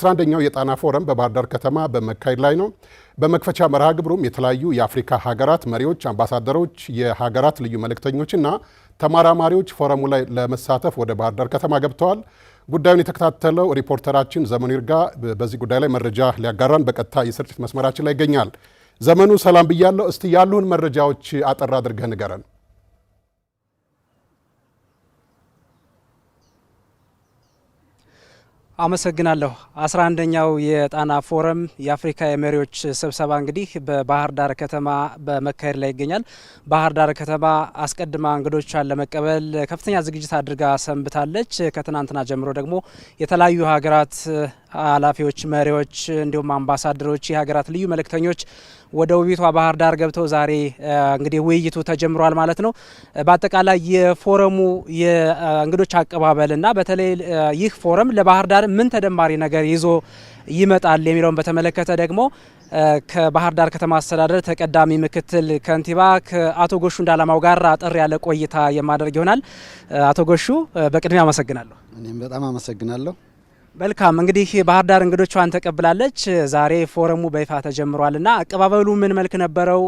11ኛው የጣና ፎረም በባህር ዳር ከተማ በመካሄድ ላይ ነው። በመክፈቻ መርሃ ግብሩም የተለያዩ የአፍሪካ ሀገራት መሪዎች፣ አምባሳደሮች፣ የሀገራት ልዩ መልእክተኞችና ተማራማሪዎች ፎረሙ ላይ ለመሳተፍ ወደ ባህር ዳር ከተማ ገብተዋል። ጉዳዩን የተከታተለው ሪፖርተራችን ዘመኑ ይርጋ በዚህ ጉዳይ ላይ መረጃ ሊያጋራን በቀጥታ የስርጭት መስመራችን ላይ ይገኛል። ዘመኑ ሰላም ብያለሁ። እስቲ ያሉን መረጃዎች አጠር አድርገህ ንገረን። አመሰግናለሁ። አስራ አንደኛው የጣና ፎረም የአፍሪካ የመሪዎች ስብሰባ እንግዲህ በባህር ዳር ከተማ በመካሄድ ላይ ይገኛል። ባህር ዳር ከተማ አስቀድማ እንግዶቿን ለመቀበል ከፍተኛ ዝግጅት አድርጋ ሰንብታለች። ከትናንትና ጀምሮ ደግሞ የተለያዩ ሀገራት ኃላፊዎች፣ መሪዎች እንዲሁም አምባሳደሮች፣ የሀገራት ልዩ መልእክተኞች ወደ ውቢቷ ባህር ዳር ገብተው ዛሬ እንግዲህ ውይይቱ ተጀምሯል ማለት ነው። በአጠቃላይ የፎረሙ የእንግዶች አቀባበልና በተለይ ይህ ፎረም ለባህር ዳር ምን ተደማሪ ነገር ይዞ ይመጣል የሚለውን በተመለከተ ደግሞ ከባህር ዳር ከተማ አስተዳደር ተቀዳሚ ምክትል ከንቲባ ከአቶ ጎሹ እንዳላማው ጋር አጠር ያለ ቆይታ የማደርግ ይሆናል። አቶ ጎሹ በቅድሚያ አመሰግናለሁ። እኔም በጣም አመሰግናለሁ። መልካም እንግዲህ ባህር ዳር እንግዶቿን ተቀብላለች። ዛሬ ፎረሙ በይፋ ተጀምሯል እና አቀባበሉ ምን መልክ ነበረው?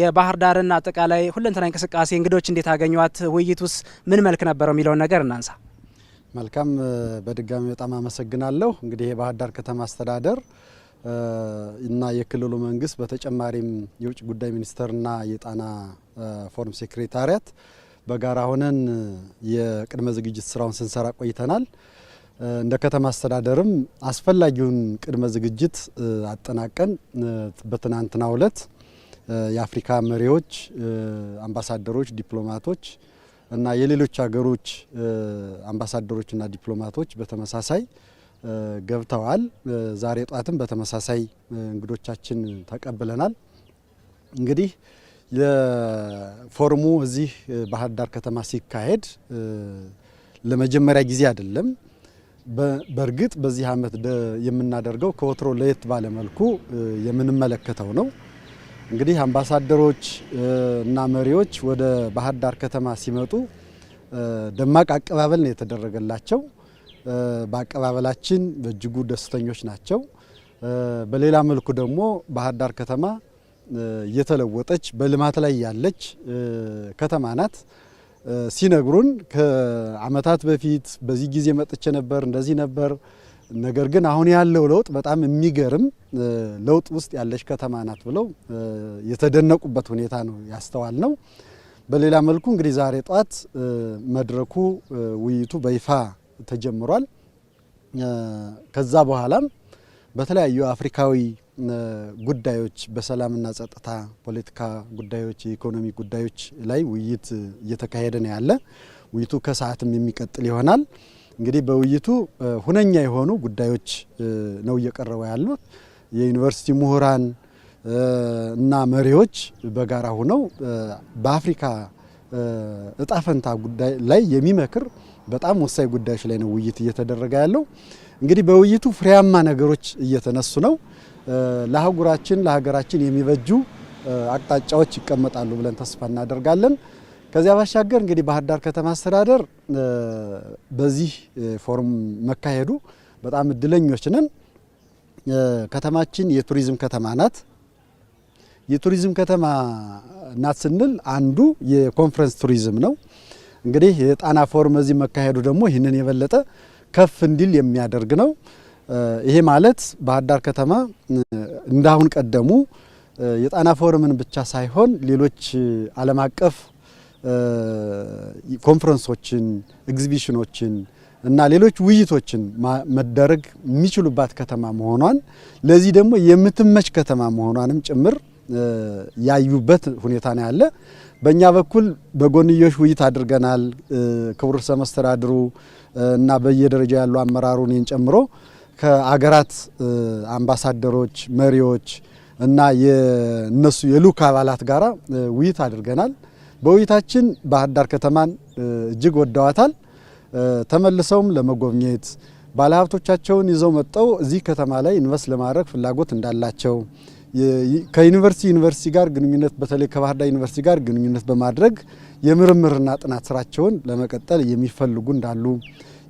የባህር ዳርን አጠቃላይ ሁለንተና እንቅስቃሴ እንግዶች እንዴት አገኟት? ውይይቱስ ምን መልክ ነበረው የሚለውን ነገር እናንሳ። መልካም፣ በድጋሚ በጣም አመሰግናለሁ። እንግዲህ የባህር ዳር ከተማ አስተዳደር እና የክልሉ መንግስት በተጨማሪም የውጭ ጉዳይ ሚኒስቴርና የጣና ፎረም ሴክሬታሪያት በጋራ ሆነን የቅድመ ዝግጅት ስራውን ስንሰራ ቆይተናል። እንደ ከተማ አስተዳደርም አስፈላጊውን ቅድመ ዝግጅት አጠናቀን በትናንትናው ዕለት የአፍሪካ መሪዎች፣ አምባሳደሮች፣ ዲፕሎማቶች እና የሌሎች ሀገሮች አምባሳደሮችና ዲፕሎማቶች በተመሳሳይ ገብተዋል። ዛሬ ጧትም በተመሳሳይ እንግዶቻችን ተቀብለናል። እንግዲህ የፎርሙ እዚህ ባህር ዳር ከተማ ሲካሄድ ለመጀመሪያ ጊዜ አይደለም። በእርግጥ በዚህ ዓመት የምናደርገው ከወትሮ ለየት ባለ መልኩ የምንመለከተው ነው። እንግዲህ አምባሳደሮች እና መሪዎች ወደ ባህር ዳር ከተማ ሲመጡ ደማቅ አቀባበል ነው የተደረገላቸው። በአቀባበላችን በእጅጉ ደስተኞች ናቸው። በሌላ መልኩ ደግሞ ባህር ዳር ከተማ እየተለወጠች በልማት ላይ ያለች ከተማ ናት። ሲነግሩን ከዓመታት በፊት በዚህ ጊዜ መጥቼ ነበር እንደዚህ ነበር። ነገር ግን አሁን ያለው ለውጥ በጣም የሚገርም ለውጥ ውስጥ ያለች ከተማ ናት ብለው የተደነቁበት ሁኔታ ነው ያስተዋል ነው። በሌላ መልኩ እንግዲህ ዛሬ ጧት መድረኩ ውይይቱ በይፋ ተጀምሯል። ከዛ በኋላም በተለያዩ አፍሪካዊ ጉዳዮች በሰላምና ጸጥታ ፖለቲካ ጉዳዮች፣ የኢኮኖሚ ጉዳዮች ላይ ውይይት እየተካሄደ ነው ያለ። ውይይቱ ከሰዓትም የሚቀጥል ይሆናል። እንግዲህ በውይይቱ ሁነኛ የሆኑ ጉዳዮች ነው እየቀረቡ ያሉት። የዩኒቨርሲቲ ምሁራን እና መሪዎች በጋራ ሆነው በአፍሪካ እጣፈንታ ጉዳይ ላይ የሚመክር በጣም ወሳኝ ጉዳዮች ላይ ነው ውይይት እየተደረገ ያለው። እንግዲህ በውይይቱ ፍሬያማ ነገሮች እየተነሱ ነው። ለአህጉራችን ለሀገራችን የሚበጁ አቅጣጫዎች ይቀመጣሉ ብለን ተስፋ እናደርጋለን። ከዚያ ባሻገር እንግዲህ ባህር ዳር ከተማ አስተዳደር በዚህ ፎርም መካሄዱ በጣም እድለኞች ነን። ከተማችን የቱሪዝም ከተማ ናት። የቱሪዝም ከተማ ናት ስንል አንዱ የኮንፈረንስ ቱሪዝም ነው። እንግዲህ የጣና ፎርም እዚህ መካሄዱ ደግሞ ይህንን የበለጠ ከፍ እንዲል የሚያደርግ ነው። ይሄ ማለት ባህር ዳር ከተማ እንዳሁን ቀደሙ የጣና ፎረምን ብቻ ሳይሆን ሌሎች ዓለም አቀፍ ኮንፈረንሶችን፣ ኤግዚቢሽኖችን እና ሌሎች ውይይቶችን መደረግ የሚችሉባት ከተማ መሆኗን ለዚህ ደግሞ የምትመች ከተማ መሆኗንም ጭምር ያዩበት ሁኔታ ነው ያለ። በእኛ በኩል በጎንዮሽ ውይይት አድርገናል። ክቡር ርዕሰ መስተዳድሩ እና በየደረጃ ያሉ አመራሩን ጨምሮ ከአገራት አምባሳደሮች፣ መሪዎች እና የነሱ የልዑክ አባላት ጋር ውይይት አድርገናል። በውይይታችን ባህር ዳር ከተማን እጅግ ወደዋታል። ተመልሰውም ለመጎብኘት ባለሀብቶቻቸውን ይዘው መጥተው እዚህ ከተማ ላይ ኢንቨስት ለማድረግ ፍላጎት እንዳላቸው ከዩኒቨርሲቲ ዩኒቨርሲቲ ጋር ግንኙነት በተለይ ከባህር ዳር ዩኒቨርሲቲ ጋር ግንኙነት በማድረግ የምርምርና ጥናት ስራቸውን ለመቀጠል የሚፈልጉ እንዳሉ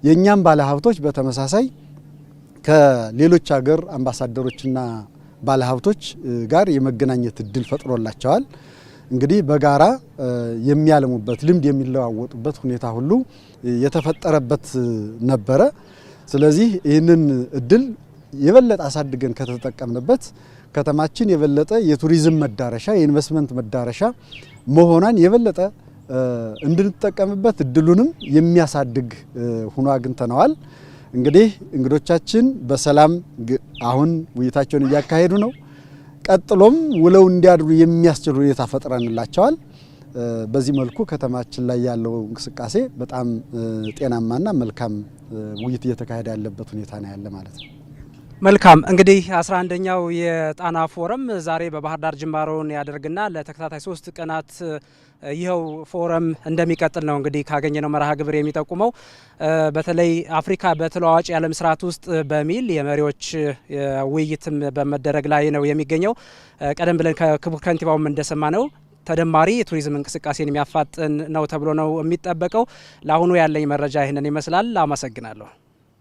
የእኛም ባለሀብቶች በተመሳሳይ ከሌሎች ሀገር አምባሳደሮችና ባለሀብቶች ጋር የመገናኘት እድል ፈጥሮላቸዋል። እንግዲህ በጋራ የሚያለሙበት ልምድ የሚለዋወጡበት ሁኔታ ሁሉ የተፈጠረበት ነበረ። ስለዚህ ይህንን እድል የበለጠ አሳድገን ከተጠቀምንበት ከተማችን የበለጠ የቱሪዝም መዳረሻ የኢንቨስትመንት መዳረሻ መሆኗን የበለጠ እንድንጠቀምበት እድሉንም የሚያሳድግ ሆኖ አግኝተነዋል። እንግዲህ እንግዶቻችን በሰላም አሁን ውይይታቸውን እያካሄዱ ነው። ቀጥሎም ውለው እንዲያድሩ የሚያስችል ሁኔታ ፈጥረንላቸዋል። በዚህ መልኩ ከተማችን ላይ ያለው እንቅስቃሴ በጣም ጤናማና መልካም ውይይት እየተካሄደ ያለበት ሁኔታ ነው ያለ ማለት ነው። መልካም እንግዲህ አስራ አንደኛው የጣና ፎረም ዛሬ በባህር ዳር ጅማሮውን ያደርግና ለተከታታይ ሶስት ቀናት ይኸው ፎረም እንደሚቀጥል ነው እንግዲህ ካገኘነው መርሃ ግብር የሚጠቁመው። በተለይ አፍሪካ በተለዋዋጭ የዓለም ስርዓት ውስጥ በሚል የመሪዎች ውይይትም በመደረግ ላይ ነው የሚገኘው። ቀደም ብለን ከክቡር ከንቲባውም እንደሰማ ነው ተደማሪ የቱሪዝም እንቅስቃሴን የሚያፋጥን ነው ተብሎ ነው የሚጠበቀው። ለአሁኑ ያለኝ መረጃ ይህንን ይመስላል። አመሰግናለሁ።